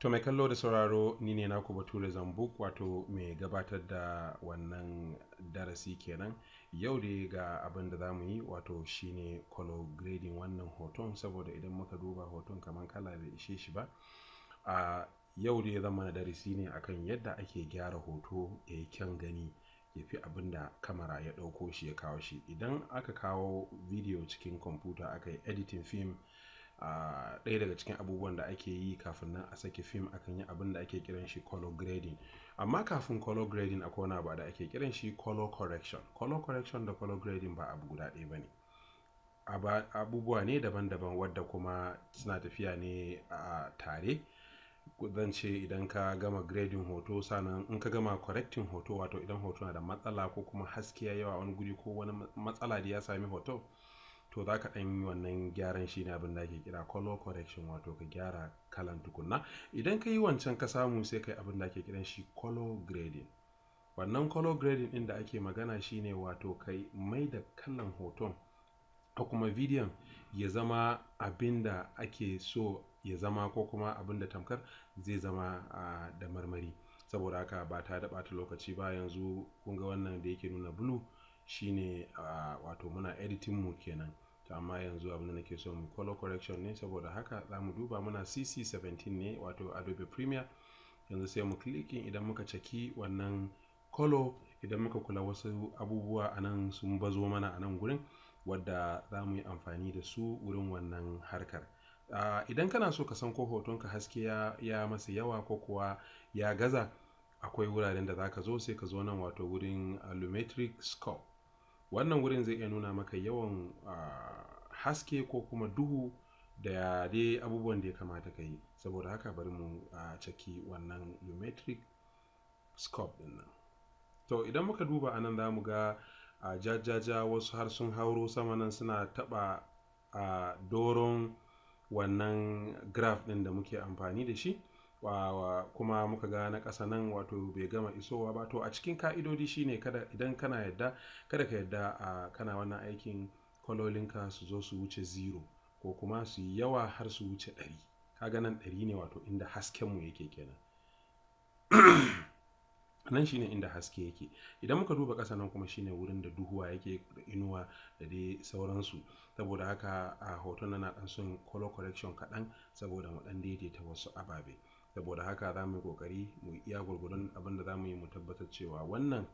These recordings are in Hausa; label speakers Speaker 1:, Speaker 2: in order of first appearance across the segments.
Speaker 1: To mai kallo da sauraro ni ne naku Bature Zambuk wato mai gabatar da wannan darasi kenan yau da ga abin da za mu yi wato shine color grading wannan hoton saboda idan muka duba hoton kamar kala bai ishe shi ba. A yau da ya zama na darasi ne akan yadda ake gyara hoto ya yi kyan gani ya fi abin da kamera ya ɗauko shi ya kawo shi idan aka kawo video cikin kwamfuta aka yi editing film a ɗaya daga cikin abubuwan da ake yi kafin nan a sake fim akan yi abin da ake kiran shi color grading amma kafin color grading akwai wani abu da ake kiran shi color correction color correction da color grading ba abu guda ɗaya ba ne abubuwa ne daban-daban wadda kuma suna tafiya ne a tare zan ce idan ka gama grading hoto sannan in ka gama correcting hoto wato idan hoto na da matsala ko kuma haske yawa wani guri ko wani matsala da ya sami hoto to za ka ɗan yi wannan gyaran shi ne abin da ake kira color correction wato ka gyara kalan tukunna idan ka yi wancan ka samu sai ka yi abin da ake kiran shi color grading wannan color grading ɗin da ake magana shi ne wato ka mai da kalan hoton ko kuma bidiyon ya zama abin da ake so ya zama ko kuma abin da tamkar zai zama da marmari saboda haka ba ta da ɓata lokaci ba yanzu kun ga wannan da yake nuna blue shine wato muna editin mu kenan to amma yanzu abinda nake so mu color correction ne saboda haka za mu duba muna cc17 ne wato adobe premiere yanzu sai mu clicking idan muka caki wannan color idan muka kula wasu abubuwa anan sun bazo mana anan gurin wadda za mu yi amfani da su wurin wannan harkar uh, idan kana so ka san ko hotonka haske ya, ya masa yawa ko kuwa ya gaza akwai wuraren da za ka zo sai ka zo nan wato wurin allumetric scope wannan wurin zai iya nuna maka yawan haske ko kuma duhu da dai abubuwan da ya kamata ka yi saboda haka bari mu caki wannan geometric scope din to idan muka duba anan za mu ga jajaja wasu har sun hauro sama nan suna taba a doron wannan graph din da muke amfani da shi wa kuma muka ga na ƙasa nan wato bai gama isowa ba to a cikin ka'idodi shine kada idan kana yadda kada ka yadda a kana wannan aikin kwalolinka su zo su wuce zero ko kuma su yi yawa har su wuce ɗari kaga nan ɗari ne wato inda haskenmu yake kenan nan shine inda haske yake idan muka duba ƙasa nan kuma shine wurin da duhuwa yake da inuwa da dai sauransu saboda haka a hoton na ɗan son color correction kaɗan saboda mu ɗan daidaita wasu ababe saboda haka za mu yi kokari mu iya gwargwadon abin da za mu yi mu tabbatar cewa wannan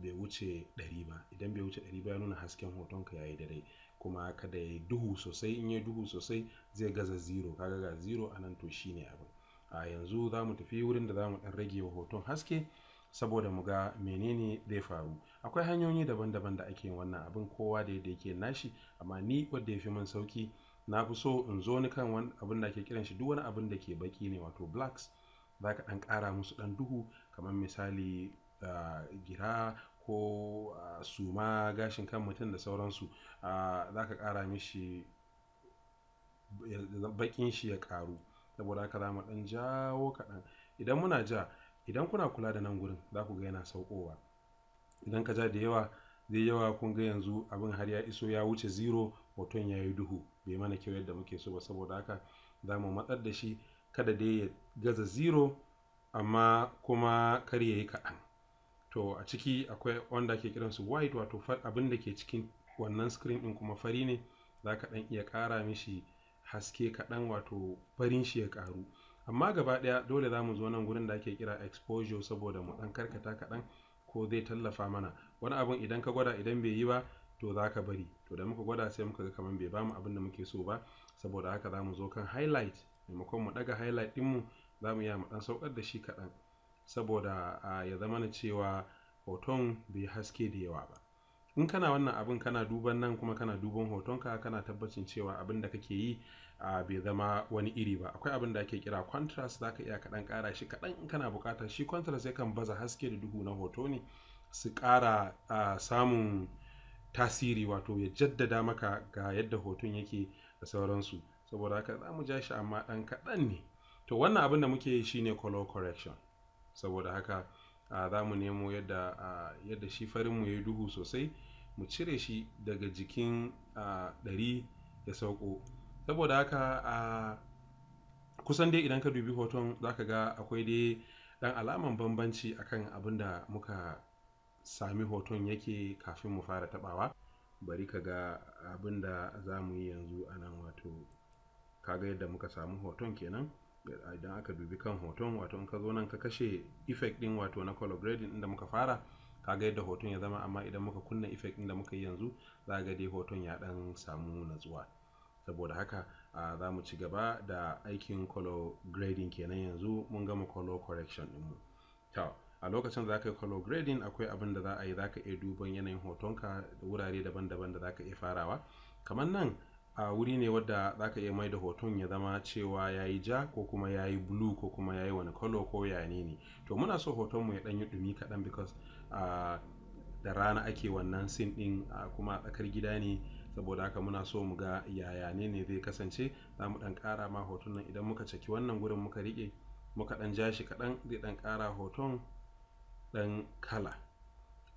Speaker 1: bai wuce ɗari ba idan bai wuce ɗari ba ya nuna hasken hoton ka ya yi rai kuma kada ya yi duhu sosai in ya duhu sosai zai gaza zero kaga ga zero a nan to shi ne abin a yanzu za mu tafi wurin da za mu ɗan rage wa hoton haske saboda mu ga menene zai faru akwai hanyoyi daban-daban da ake wannan abin kowa da yadda yake nashi amma ni wadda ya fi min sauki na fi so in zo ni kan wani abin da ke kiran shi duk wani abin da ke baki ne wato blacks za ka ɗan kara musu ɗan duhu kamar misali ah, gira ko ah, suma gashin kan mutum da sauransu ah, za ka kara mishi bakin shi ya ƙaru saboda haka za mu ɗan jawo kaɗan idan muna ja idan kuna kula da nan gurin za ku ga yana saukowa idan ka ja da yawa zai yawa kun ga yanzu abin har ya iso ya wuce zero hoton ya yi duhu bai mana kyau yadda muke so ba saboda haka za mu matsar da shi kada dai ya gaza zero amma kuma kar ya yi kaɗan to a ciki akwai wanda ke kiransu white wato abin da ke cikin wannan screen ɗin kuma fari ne za ka ɗan iya ƙara mishi haske kaɗan wato farin shi ya ƙaru amma gaba ɗaya dole za mu zo nan gurin da ake kira exposure saboda mu ɗan karkata kaɗan ko zai tallafa mana wani abun idan ka gwada idan bai yi ba to za ka bari to da muka gwada sai muka ga kamar bai bamu abin da muke so ba saboda haka za mu zo kan highlight maimakon mu daga highlight mu, za mu iya mu ɗan saukar da shi kaɗan saboda ya zama na cewa hoton bai haske da yawa ba in kana wannan abin kana duban nan kuma kana duban hotonka kana tabbacin cewa abin da kake yi a bai zama wani iri ba akwai abin da ake kira contrast zaka iya kaɗan ƙara shi kaɗan in kana buƙata shi contrast yakan baza haske da duhu na hoto ne su ƙara samun tasiri wato ya jaddada maka ga yadda hoton yake da sauransu saboda haka za mu ja shi amma ɗan kaɗan ne to wannan abin da muke yi shine color correction saboda haka za mu nemo yadda yadda shi farinmu ya yi duhu sosai mu cire shi daga jikin ɗari ya sauko saboda haka a kusan dai idan ka dubi hoton za ka ga akwai dai ɗan alaman bambanci akan abin da muka sami hoton yake kafin mu fara tabawa bari ka ga abin da za mu yi yanzu a nan wato kaga yadda muka samu hoton kenan idan aka dubi kan hoton wato in ka zo nan ka kashe effect din wato na color grading din da muka fara kaga yadda hoton ya zama amma idan muka kunna effect din da muka yi yanzu za ga dai hoton ya dan samu natsuwa saboda haka za mu ci gaba da aikin color grading kenan yanzu mun gama color correction din mu a lokacin za ka yi color grading akwai abin da za a yi za ka iya duban yanayin hotonka da wurare daban-daban da za ka iya farawa kamar nan a wuri ne wadda za ka iya mai da hoton ya zama cewa ya yi ja ko kuma ya yi blue ko kuma ya yi wani color ko ya ne to muna so hoton mu ya dan yi ɗumi kaɗan because da rana ake wannan sin ɗin kuma a tsakar gida ne saboda haka muna so mu ga yaya ne ne zai kasance za mu ɗan ƙara ma hoton nan idan muka caki wannan gurin muka rike muka ɗan ja shi kaɗan zai ɗan ƙara hoton ɗan kala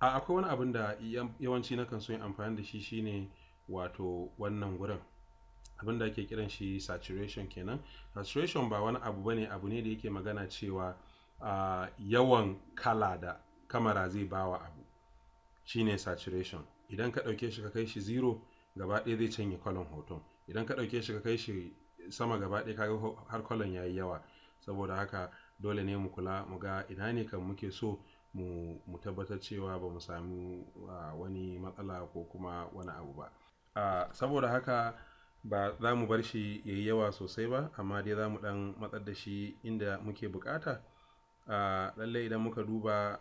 Speaker 1: a akwai wani abin da yawanci na kan so yin amfani da shi shine wato wannan gurin abin da ake kiran shi saturation kenan saturation ba wani abu bane abu ne da yake magana cewa yawan kala da kamara zai bawa abu shine saturation idan ka ɗauke shi ka kai shi zero gaba ɗaya zai canye kwalon hoton idan ka ɗauke shi ka kai shi sama gaba ɗaya kaga har kwalon ya yi yawa saboda haka dole ne mu kula mu ga ina ne kan muke so mu tabbatar cewa ba mu sami wani matsala ko kuma wani abu ba saboda haka ba za mu bar shi ya yi yawa sosai ba amma dai za mu dan matsar da shi inda muke bukata lallai idan muka duba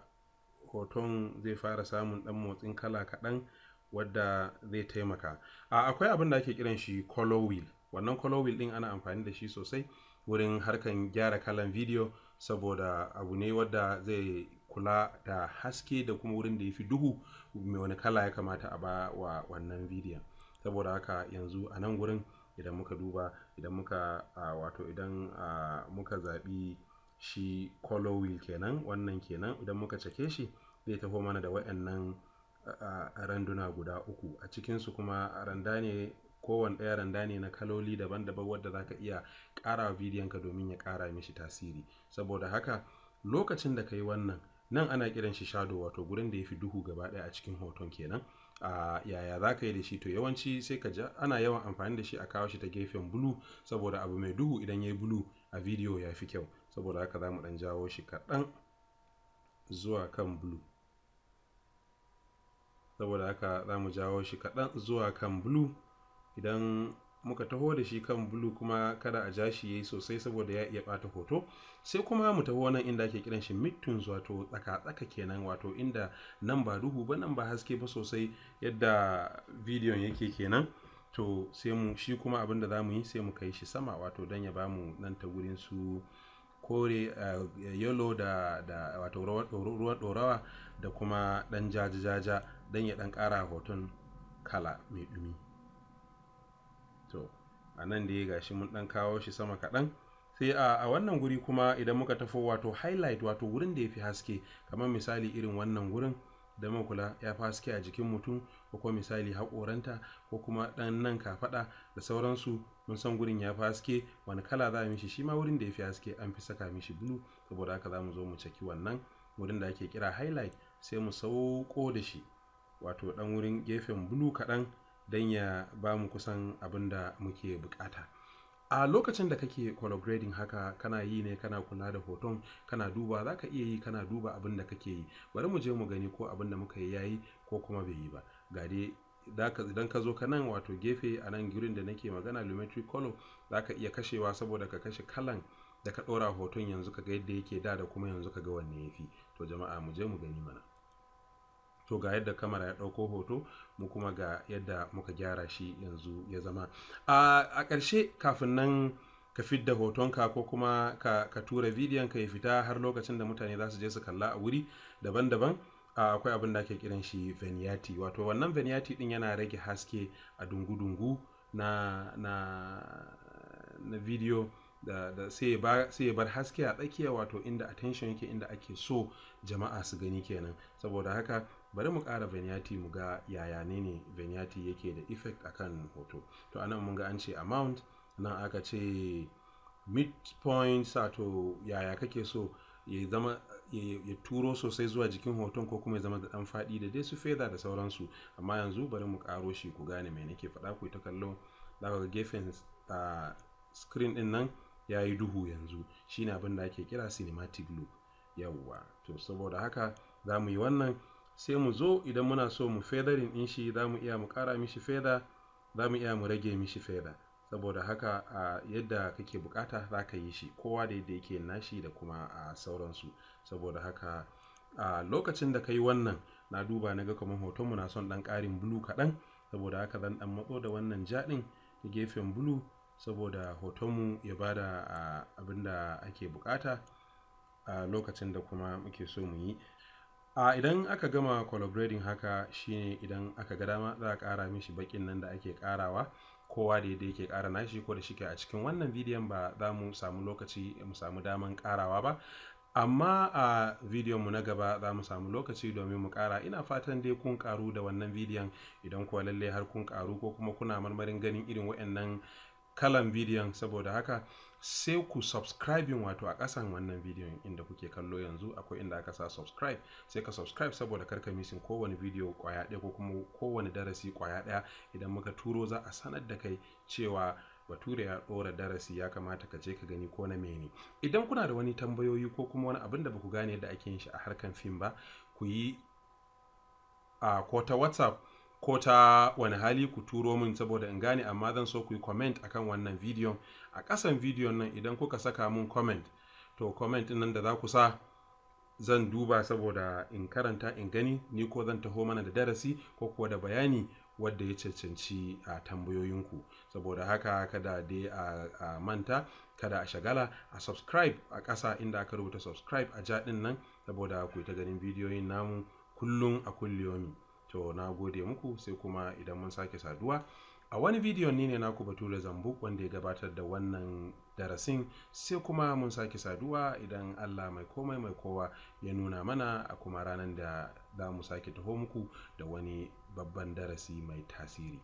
Speaker 1: hoton zai fara samun dan motsin kala kaɗan wadda zai taimaka akwai abin da ake kiran shi color wheel wannan color wheel din ana amfani da shi sosai wurin harkan gyara kalan video saboda abu ne wadda zai kula da haske da kuma wurin da ya fi duhu mai wani kala ya kamata a ba wa wannan video saboda haka yanzu a nan wurin idan muka duba idan muka wato idan muka zaɓi shi color wheel kenan wannan kenan idan muka cake shi zai taho mana da waɗannan randuna guda uku a cikinsu kuma randa ne kowane ɗaya randa ne na kaloli daban-daban wadda za ka iya ƙara wa bidiyonka domin ya ƙara mishi tasiri saboda haka lokacin da ka yi wannan nan ana kiran shi shado wato gurin da ya fi duhu gaba ɗaya a cikin hoton kenan a yaya za ka yi da shi to yawanci sai ka ja ana yawan amfani da shi a kawo shi ta gefen bulu saboda abu mai duhu idan ya yi bulu a bidiyo ya fi kyau saboda haka za mu ɗan jawo shi kaɗan zuwa kan bulu saboda haka za mu jawo shi kaɗan zuwa kan bulu idan muka taho da shi kan bulu kuma kada a jashi shi yayi sosai saboda ya iya bata hoto sai kuma mu taho nan inda ake kiran shi midtones wato tsaka tsaka kenan wato inda nan ba duhu ba nan ba haske ba sosai yadda bidiyon yake kenan to sai mu shi kuma abin da zamu yi sai mu kai shi sama wato dan ya bamu nan ta gurin su kore eh, yalo da da wato ruwa dorawa da kuma dan jaja jaja dan ya dan kara hoton kala mai dumi a nan da ya gashi mun ɗan kawo shi sama kaɗan sai a wannan guri kuma idan muka tafo wato highlight wato wurin da ya fi haske kamar misali irin wannan wurin da makula kula ya fi haske a jikin mutum ko kuma misali haƙoranta ko kuma ɗan nan kafaɗa da sauransu mun san gurin ya fi haske wani kala za a mishi shi ma wurin da ya fi haske an fi saka mishi bulu saboda haka za mu zo mu caki wannan wurin da ake kira highlight sai mu sauko da shi wato ɗan wurin gefen bulu kaɗan don ya ba mu kusan abin da muke bukata a lokacin da kake color haka kana yi ne kana kula da hoton kana duba za ka iya yi kana duba abin da kake yi bari mu je mu gani ko abin da muka yi yayi ko kuma bai yi ba ga dai idan ka zo ka nan wato gefe a nan gurin da nake magana lumetri color za ka iya kashewa saboda ka kashe kalan da ka ɗora hoton yanzu ka ga yadda yake da da kuma yanzu ka ga wanne ya fi to jama'a mu je mu gani mana to ga yadda kamera ya ɗauko hoto mu kuma ga yadda muka gyara shi yanzu ya zama a ƙarshe kafin nan ka fidda hotonka ko kuma ka, tura bidiyon ka ya fita har lokacin da mutane za su je su kalla a wuri daban-daban akwai abin da ake kiran shi veniati wato wannan veniati din yana rage haske a dungu-dungu na na da, sai ya bar haske a tsakiya wato inda attention yake inda ake so jama'a su gani kenan saboda haka bari mu ƙara vignette mu ga yaya ne ne vignette yake da effect akan hoto to anan mun ga an ce amount nan aka ce midpoint sato yaya kake so ya zama ya turo sosai zuwa jikin hoton ko kuma ya zama da dan faɗi da dai su feda da sauransu amma yanzu bari mu ƙaro shi ku gane mai nake faɗa ku ta kallo za ga gefen screen ɗin nan ya yi duhu yanzu shine abin da ake kira cinematic look yawwa to saboda haka za mu yi wannan sai mu zo idan muna so mu fedarin din shi za mu iya mu kara mishi feda, za mu iya mu rage mishi feda. saboda haka a yadda kake bukata za ka yi shi kowa da yadda yake nashi da kuma a sauransu saboda haka a lokacin da ka yi wannan na duba na ga kamar hoton muna son ɗan ƙarin bulu kaɗan saboda haka zan ɗan matso da wannan jaɗin da gefen bulu saboda hotonmu ya ba da abin da ake bukata a lokacin da kuma muke so mu yi a idan aka gama collaborating haka shine idan aka ga dama za a kara mishi bakin nan da ake karawa kowa da yadda yake ƙara nashi ko da shike a cikin wannan bidiyon ba za mu samu lokaci mu samu daman ƙarawa ba amma a bidiyon mu na gaba za mu samu lokaci domin mu ƙara ina fatan dai kun karu da wannan bidiyon idan kuwa lallai har kun karu ko kuma kuna marmarin ganin irin waɗannan kalan bidiyon saboda haka sai ku subscribing wato a ƙasan wannan bidiyon inda kuke kallo yanzu akwai inda aka sa subscribe sai ka subscribe saboda karka misin kowane bidiyo kwaya daya ko kuma kowane darasi kwaya ɗaya idan muka turo za a sanar da kai cewa bature ya ɗora darasi ya kamata ka je ka gani ko na mene idan kuna da wani tambayoyi ko kuma wani abin da ba ku gane da ake yin shi a harkan fim ba ku yi a ah, ko ta whatsapp ko ta wani hali ku turo min saboda in gane amma zan so ku yi comment akan wannan bidiyon a ƙasan bidiyon nan idan kuka saka mun comment to comment nan da za ku sa zan duba saboda in karanta in gani ni ko zan taho mana da darasi ko kuwa da bayani wadda ya cancanci a tambayoyinku saboda haka kada dai a manta kada a shagala a subscribe a ƙasa inda aka rubuta subscribe a jaɗin nan saboda ku ta ganin bidiyoyin namu kullum a kulliyomi to na gode muku sai kuma idan mun sake saduwa a wani bidiyon ni ne na naku bature zambuk wanda ya gabatar da wannan darasin sai kuma mun sake saduwa idan allah mai komai mai kowa ya nuna mana a kuma ranar da za mu sake taho muku da wani babban darasi mai tasiri